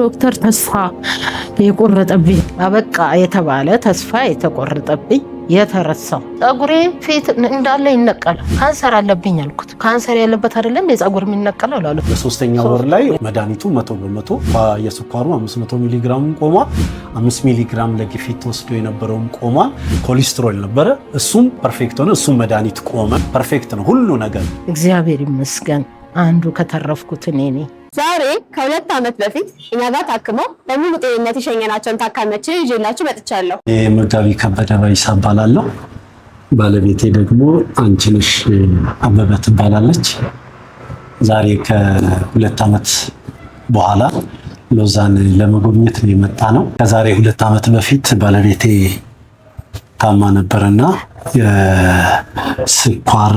ዶክተር ተስፋ የቆረጠብኝ አበቃ የተባለ ተስፋ የተቆረጠብኝ የተረሳው ጸጉሬ ፊት እንዳለ ይነቀል ካንሰር አለብኝ አልኩት። ካንሰር ያለበት አይደለም የጸጉር የሚነቀለው ላሉ በሶስተኛ ወር ላይ መድኃኒቱ መቶ በመቶ የስኳሩ 500 ሚሊግራም ቆሟ፣ 5 ሚሊግራም ለግፊት ተወስዶ የነበረውም ቆሟል። ኮሌስትሮል ነበረ፣ እሱም ፐርፌክት ሆነ። እሱም መድኃኒት ቆመ። ፐርፌክት ነው ሁሉ ነገር። እግዚአብሔር ይመስገን። አንዱ ከተረፍኩት እኔ ነኝ። ዛሬ ከሁለት ዓመት በፊት እኛ ጋር ታክመው በሙሉ ጤንነት የሸኘናቸውን ታካሚዎችን ይዤላችሁ መጥቻለሁ። መጋቢ ከበደ ባይሳ እባላለሁ። ባለቤቴ ደግሞ አንችንሽ አበበ ትባላለች። ዛሬ ከሁለት ዓመት በኋላ ሎዛን ለመጎብኘት ነው የመጣ ነው። ከዛሬ ሁለት ዓመት በፊት ባለቤቴ ታማ ነበርና የስኳር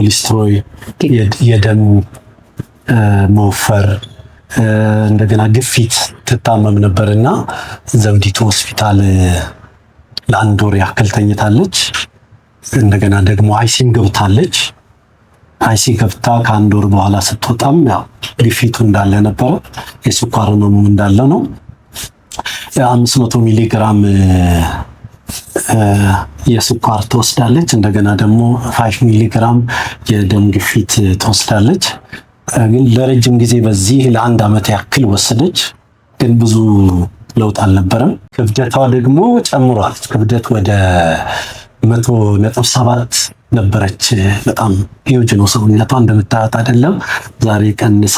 ኦሊስትሮይ የደም መወፈር እንደገና ግፊት ትታመም ነበር እና ዘውዲቱ ሆስፒታል ለአንድ ወር ያክል ተኝታለች። እንደገና ደግሞ አይሲን ገብታለች። አይሲ ገብታ ከአንድ ወር በኋላ ስትወጣም ያው ግፊቱ እንዳለ ነበረ፣ የስኳር ህመሙ እንዳለ ነው። አምስት መቶ ሚሊ ግራም የስኳር ትወስዳለች። እንደገና ደግሞ ፋይቭ ሚሊግራም የደም ግፊት ትወስዳለች። ግን ለረጅም ጊዜ በዚህ ለአንድ ዓመት ያክል ወሰደች። ግን ብዙ ለውጥ አልነበረም። ክብደቷ ደግሞ ጨምሯል። ክብደት ወደ መቶ ነጥብ ሰባት ነበረች። በጣም ሂውጅ ነው ሰውነቷ እንደምታያት አይደለም። ዛሬ ቀንሳ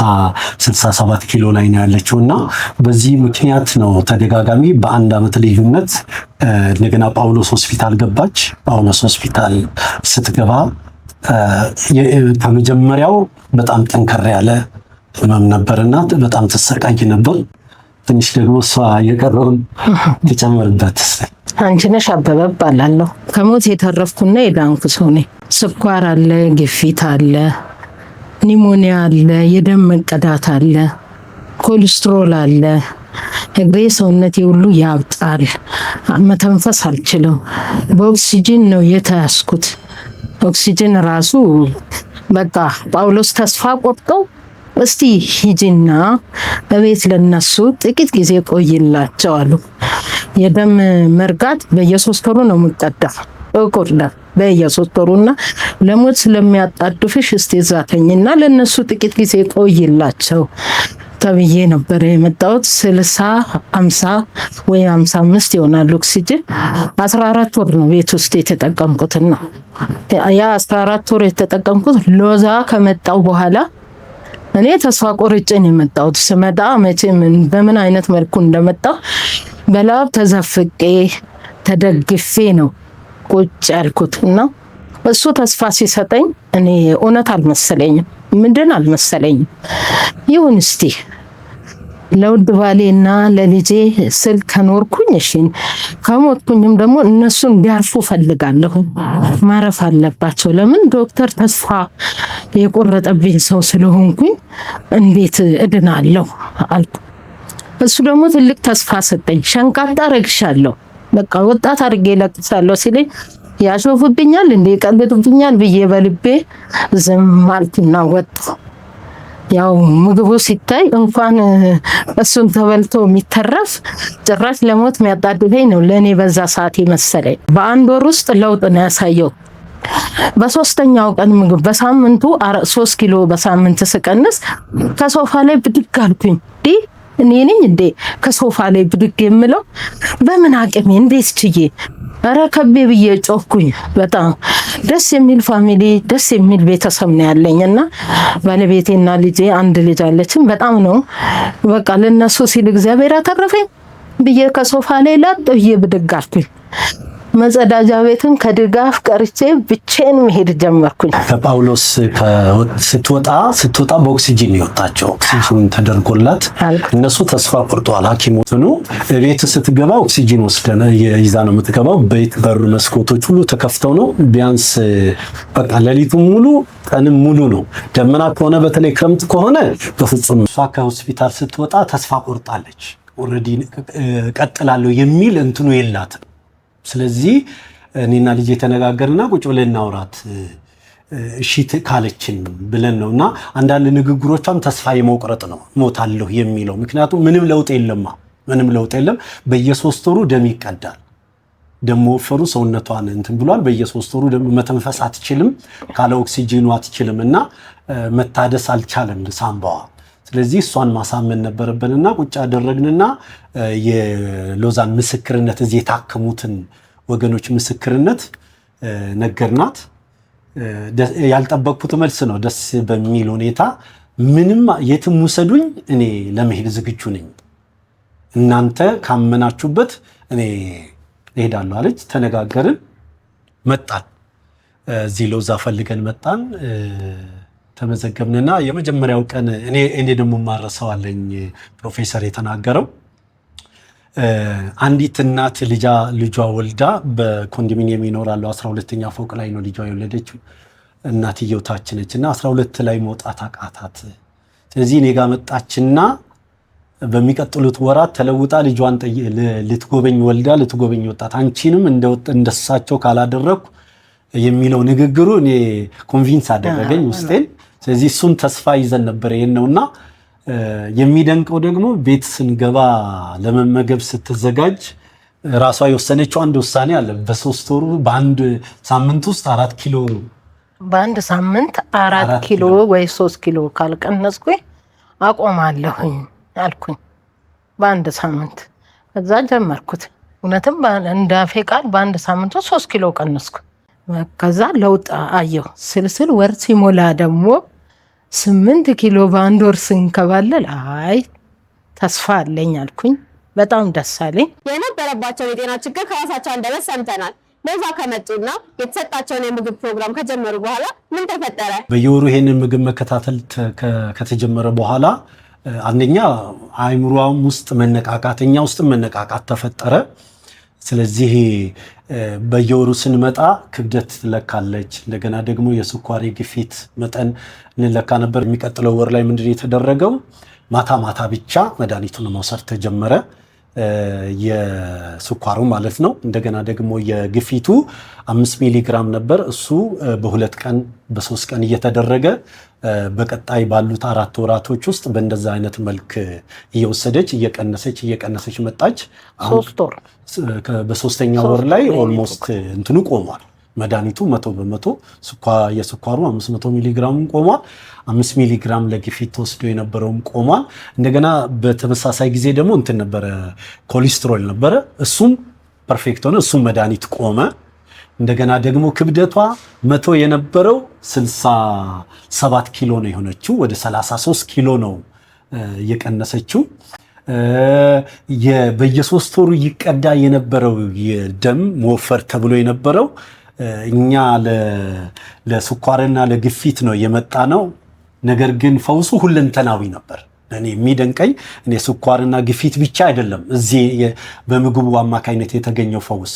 67 ኪሎ ላይ ነው ያለችው እና በዚህ ምክንያት ነው ተደጋጋሚ በአንድ አመት ልዩነት እንደገና ጳውሎስ ሆስፒታል ገባች። ጳውሎስ ሆስፒታል ስትገባ ከመጀመሪያው በጣም ጠንከር ያለ ህመም ነበርና በጣም ተሰቃይ ነበር። ትንሽ ደግሞ እሷ የቀረውን ተጨምርበት አንቺ አበበ እባላለሁ። ከሞት የተረፍኩና የዳንኩ ሰው ነኝ። ስኳር አለ፣ ግፊት አለ፣ ኒሞኒያ አለ፣ የደም መቀዳት አለ፣ ኮሌስትሮል አለ። እግሬ ሰውነቴ ሁሉ ያብጣል። መተንፈስ አልችልም። በኦክሲጅን ነው የተያዝኩት። ኦክሲጅን ራሱ በቃ ጳውሎስ ተስፋ ቆርጠው እስቲ ሂጂና በቤት ለነሱ ጥቂት ጊዜ ቆይላቸው አሉ። የደም መርጋት በየሶስት ወሩ ነው የምጠዳ እቁር በየሶስት ወሩና ለሞት ስለሚያጣድፍሽ እስቲ ዛተኝና ለነሱ ጥቂት ጊዜ ቆይላቸው ተብዬ ነበረ የመጣሁት። ስልሳ አምሳ ወይ አምሳ አምስት ይሆናል ኦክሲጅን። አስራ አራት ወር ነው ቤት ውስጥ የተጠቀምኩትና ያ አስራ አራት ወር የተጠቀምኩት ሎዛ ከመጣው በኋላ እኔ ተስፋ ቆርጬ ነው የመጣሁት። ስመጣ መቼ በምን አይነት መልኩ እንደመጣ በላብ ተዘፍቄ ተደግፌ ነው ቁጭ ያልኩት እና እሱ ተስፋ ሲሰጠኝ እኔ እውነት አልመሰለኝም፣ ምንድን አልመሰለኝም። ይሁን እስቲ ለውድ ባሌ እና ለልጄ ስል ከኖርኩኝ እሺ፣ ከሞትኩኝም ደግሞ እነሱን እንዲያርፉ ፈልጋለሁ። ማረፍ አለባቸው። ለምን ዶክተር ተስፋ የቆረጠብኝ ሰው ስለሆንኩኝ እንዴት እድናለሁ አልኩ። እሱ ደግሞ ትልቅ ተስፋ ሰጠኝ። ሸንቃጣ ረግሻለሁ፣ በቃ ወጣት አድርጌ ለቅሳለሁ ሲለኝ ያሾፍብኛል እንዴ ቀልድብኛል ብዬ በልቤ ዝም አልኩና ወጣሁ። ያው ምግቡ ሲታይ እንኳን እሱን ተበልቶ የሚተረፍ ጭራሽ ለሞት የሚያጣድፈኝ ነው ለእኔ በዛ ሰዓት መሰለኝ። በአንድ ወር ውስጥ ለውጥ ነው ያሳየው። በሶስተኛው ቀን ምግብ በሳምንቱ ሶስት ኪሎ በሳምንት ስቀንስ ከሶፋ ላይ ብድግ አልኩኝ። እንዲህ እኔ ነኝ እንዴ ከሶፋ ላይ ብድግ የምለው? በምን አቅሜ እንዴት ችዬ እረ ከቤ ብዬ ጮኩኝ። በጣም ደስ የሚል ፋሚሊ፣ ደስ የሚል ቤተሰብ ነው ያለኝ እና ባለቤቴና ልጄ አንድ ልጅ አለችን። በጣም ነው በቃ ለነሱ ሲል እግዚአብሔር አተረፈኝ ብዬ ከሶፋ ላይ ላጥ ብዬ ብድግ አልኩኝ። መጸዳጃ ቤትን ከድጋፍ ቀርቼ ብቼን መሄድ ጀመርኩኝ። ከጳውሎስ ስትወጣ ስትወጣ በኦክሲጂን የወጣቸው ኦክሲጂን ተደርጎላት እነሱ ተስፋ ቆርጠዋል። ሐኪሞትኑ ቤት ስትገባ ኦክሲጂን ወስደን ይዛ ነው የምትገባው። ቤት በሩ መስኮቶች ሁሉ ተከፍተው ነው ቢያንስ በቃ ሌሊቱን ሙሉ ቀንም ሙሉ ነው። ደመና ከሆነ በተለይ ክረምት ከሆነ በፍጹም እሷ ከሆስፒታል ስትወጣ ተስፋ ቆርጣለች። ኦልሬዲ ቀጥላለሁ የሚል እንትኑ የላትም። ስለዚህ እኔና ልጅ የተነጋገርና ቁጭ ብለን እናውራት እሺ ካለችን ብለን ነው። እና አንዳንድ ንግግሮቿም ተስፋ የመቁረጥ ነው ሞታለሁ የሚለው ምክንያቱም ምንም ለውጥ የለማ ምንም ለውጥ የለም። በየሶስት ወሩ ደም ይቀዳል። ደም ወፈሩ ሰውነቷን እንትን ብሏል። በየሶስት ወሩ ደም መተንፈስ አትችልም፣ ካለ ኦክሲጂኑ አትችልም እና መታደስ አልቻለም ሳምባዋ ስለዚህ እሷን ማሳመን ነበረብንና ቁጭ አደረግንና የሎዛን ምስክርነት እዚህ የታከሙትን ወገኖች ምስክርነት ነገርናት። ያልጠበቅኩት መልስ ነው። ደስ በሚል ሁኔታ ምንም የትም ውሰዱኝ፣ እኔ ለመሄድ ዝግጁ ነኝ፣ እናንተ ካመናችሁበት እኔ እሄዳለሁ አለች። ተነጋገርን፣ መጣን። እዚህ ሎዛ ፈልገን መጣን። ተመዘገብንና የመጀመሪያው ቀን እኔ ደግሞ ማረሰዋለኝ ፕሮፌሰር የተናገረው አንዲት እናት ልጃ ልጇ ወልዳ በኮንዶሚኒየም ይኖራሉ። አስራ ሁለተኛ ፎቅ ላይ ነው ልጇ የወለደችው። እናትየው ታች ነች እና አስራ ሁለት ላይ መውጣት አቃታት። ስለዚህ እኔ ጋ መጣችና በሚቀጥሉት ወራት ተለውጣ ልጇን ልትጎበኝ ወልዳ ልትጎበኝ ወጣት አንቺንም እንደሳቸው ካላደረግኩ የሚለው ንግግሩ እኔ ኮንቪንስ አደረገኝ ውስጤን። ስለዚህ እሱን ተስፋ ይዘን ነበር ይሄን ነውና የሚደንቀው ደግሞ ቤት ስንገባ ለመመገብ ስትዘጋጅ ራሷ የወሰነችው አንድ ውሳኔ አለ። በሶስት ወሩ በአንድ ሳምንት ውስጥ አራት ኪሎ በአንድ ሳምንት አራት ኪሎ ወይ ሶስት ኪሎ ካልቀነስኩኝ አቆማለሁኝ አልኩኝ። በአንድ ሳምንት እዛ ጀመርኩት። እውነትም እንዳፌ ቃል በአንድ ሳምንት ሶስት ኪሎ ቀነስኩ። ከዛ ለውጥ አየሁ ስልስል ወር ሲሞላ ደግሞ ስምንት ኪሎ በአንድ ወር ስንከባለል አይ ተስፋ አለኝ አልኩኝ። በጣም ደስ አለኝ። የነበረባቸውን የጤና ችግር ከራሳቸው አንደበት ሰምተናል። ለዛ ከመጡና የተሰጣቸውን የምግብ ፕሮግራም ከጀመሩ በኋላ ምን ተፈጠረ? በየወሩ ይሄንን ምግብ መከታተል ከተጀመረ በኋላ አንደኛ አይምሯም ውስጥ መነቃቃት፣ እኛ ውስጥም መነቃቃት ተፈጠረ። ስለዚህ በየወሩ ስንመጣ ክብደት ትለካለች። እንደገና ደግሞ የስኳሬ ግፊት መጠን እንለካ ነበር። የሚቀጥለው ወር ላይ ምንድን የተደረገው ማታ ማታ ብቻ መድኃኒቱን መውሰድ ተጀመረ። የስኳሩ ማለት ነው። እንደገና ደግሞ የግፊቱ አምስት ሚሊግራም ነበር። እሱ በሁለት ቀን በሶስት ቀን እየተደረገ በቀጣይ ባሉት አራት ወራቶች ውስጥ በእንደዛ አይነት መልክ እየወሰደች እየቀነሰች እየቀነሰች መጣች። በሶስተኛ ወር ላይ ኦልሞስት እንትኑ ቆሟል። መድኃኒቱ መቶ በመቶ የስኳሩ 500 ሚሊግራም ቆሟል። 5 ሚሊግራም ለግፊት ተወስዶ የነበረውም ቆሟል። እንደገና በተመሳሳይ ጊዜ ደግሞ እንትን ነበረ ኮሌስትሮል ነበረ፣ እሱም ፐርፌክት ሆነ፣ እሱም መድኃኒት ቆመ። እንደገና ደግሞ ክብደቷ መቶ የነበረው 67 ኪሎ ነው የሆነችው፣ ወደ 33 ኪሎ ነው የቀነሰችው። በየሶስት ወሩ ይቀዳ የነበረው የደም መወፈር ተብሎ የነበረው እኛ ለስኳርና ለግፊት ነው የመጣ ነው። ነገር ግን ፈውሱ ሁለንተናዊ ነበር። እኔ የሚደንቀኝ እኔ ስኳርና ግፊት ብቻ አይደለም እዚህ በምግቡ አማካኝነት የተገኘው ፈውስ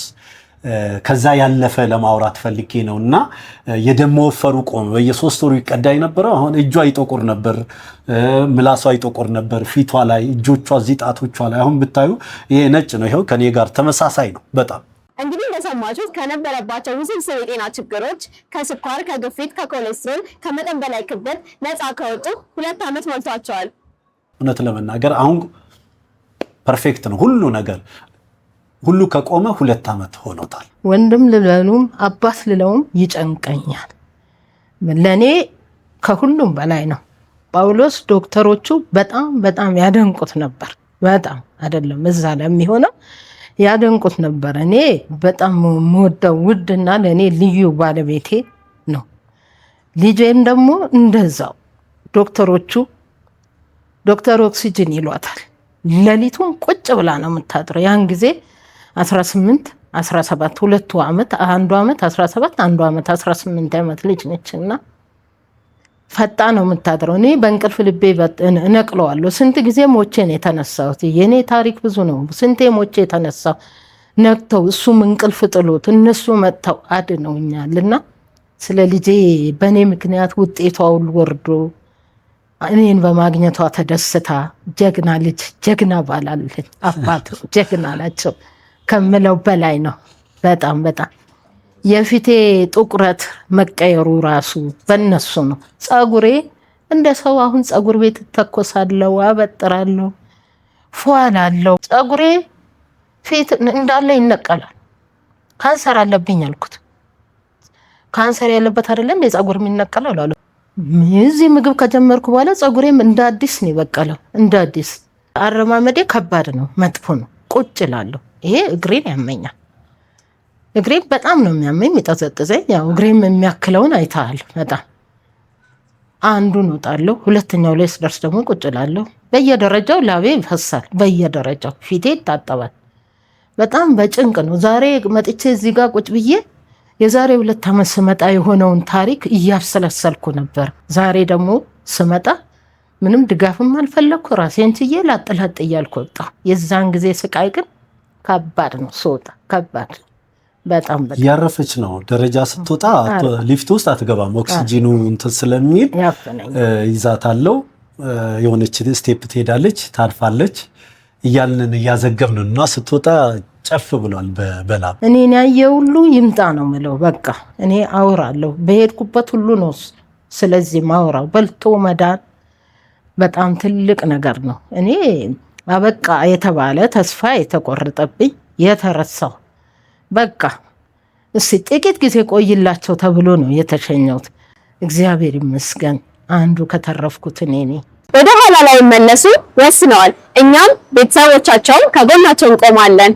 ከዛ ያለፈ ለማውራት ፈልጌ ነው። እና የደም መወፈሩ ቆመ። በየሶስት ወሩ ይቀዳ የነበረው አሁን እጇ ይጠቁር ነበር፣ ምላሷ ይጠቁር ነበር፣ ፊቷ ላይ፣ እጆቿ እዚህ ጣቶቿ ላይ አሁን ብታዩ ይሄ ነጭ ነው። ይኸው ከኔ ጋር ተመሳሳይ ነው በጣም እንግዲህ እንደሰማችሁት ከነበረባቸው ውስብስብ የጤና ችግሮች ከስኳር፣ ከግፊት፣ ከኮሌስትሮል፣ ከመጠን በላይ ክብደት ነፃ ከወጡ ሁለት ዓመት ሞልቷቸዋል። እውነት ለመናገር አሁን ፐርፌክት ነው ሁሉ ነገር ሁሉ ከቆመ ሁለት ዓመት ሆኖታል። ወንድም ልለኑም አባት ልለውም ይጨንቀኛል። ለእኔ ከሁሉም በላይ ነው። ጳውሎስ ዶክተሮቹ በጣም በጣም ያደንቁት ነበር። በጣም አይደለም እዛ ለሚሆነው ያደንቁት ነበር። እኔ በጣም ውድ ውድና ለእኔ ልዩ ባለቤቴ ነው። ልጄም ደግሞ እንደዛው ዶክተሮቹ ዶክተር ኦክሲጅን ይሏታል። ሌሊቱን ቁጭ ብላ ነው የምታጥረው። ያን ጊዜ 18 17 ሁለቱ ዓመት አንዱ ዓመት 17 አንዱ ዓመት 18 ዓመት ልጅ ነች እና ፈጣ ነው የምታድረው። እኔ በእንቅልፍ ልቤ እነቅለዋለሁ። ስንት ጊዜ ሞቼ ነው የተነሳሁት። የእኔ ታሪክ ብዙ ነው። ስንቴ ሞቼ የተነሳ ነቅተው፣ እሱም እንቅልፍ ጥሎት እነሱ መጥተው አድነውኛል። እና ስለ ልጄ በእኔ ምክንያት ውጤቷ ሁሉ ወርዶ እኔን በማግኘቷ ተደስታ ጀግና ልጅ ጀግና ባላለች አባት ጀግና ናቸው ከምለው በላይ ነው። በጣም በጣም የፊቴ ጥቁረት መቀየሩ ራሱ በነሱ ነው። ፀጉሬ እንደ ሰው አሁን ፀጉር ቤት እተኮሳለሁ፣ አበጥራለሁ፣ ፏላለሁ። ፀጉሬ ፊት እንዳለ ይነቀላል። ካንሰር አለብኝ አልኩት። ካንሰር ያለበት አይደለም የፀጉር የሚነቀለው ላሉ እዚህ ምግብ ከጀመርኩ በኋላ ፀጉሬም እንደ አዲስ ነው የበቀለው። እንደ አዲስ አረማመዴ ከባድ ነው፣ መጥፎ ነው። ቁጭ ላለሁ ይሄ እግሬን ያመኛል። እግሬም በጣም ነው የሚያመኝ የሚጠዘጥዘኝ። ያው እግሬም የሚያክለውን አይተሃል። በጣም አንዱን እወጣለሁ፣ ሁለተኛው ላይ ስደርስ ደግሞ ቁጭ እላለሁ። በየደረጃው ላቤ ይፈሳል፣ በየደረጃው ፊቴ ይታጠባል። በጣም በጭንቅ ነው። ዛሬ መጥቼ እዚህ ጋር ቁጭ ብዬ የዛሬ ሁለት ዓመት ስመጣ የሆነውን ታሪክ እያብሰለሰልኩ ነበር። ዛሬ ደግሞ ስመጣ ምንም ድጋፍም አልፈለግኩ፣ ራሴን ችዬ ላጥ እያልኩ ወጣሁ። የዛን ጊዜ ስቃይ ግን ከባድ ነው፣ ስወጣ ከባድ በጣም ያረፈች ነው። ደረጃ ስትወጣ ሊፍት ውስጥ አትገባም። ኦክሲጂኑ እንትን ስለሚል ይዛት አለው። የሆነች ስቴፕ ትሄዳለች፣ ታርፋለች። እያልንን እያዘገብን እና ስትወጣ ጨፍ ብሏል በላብ እኔን ያየ ሁሉ ይምጣ ነው ምለው። በቃ እኔ አውራለሁ በሄድኩበት ሁሉ ነው። ስለዚህ ማውራው በልቶ መዳን በጣም ትልቅ ነገር ነው። እኔ አበቃ የተባለ ተስፋ የተቆረጠብኝ የተረሳው በቃ እስቲ ጥቂት ጊዜ ቆይላቸው ተብሎ ነው የተሸኘሁት። እግዚአብሔር ይመስገን አንዱ ከተረፍኩት እኔ ነኝ። ወደ ኋላ ላይ መለሱ ወስነዋል። እኛም ቤተሰቦቻቸው ከጎናቸው እንቆማለን።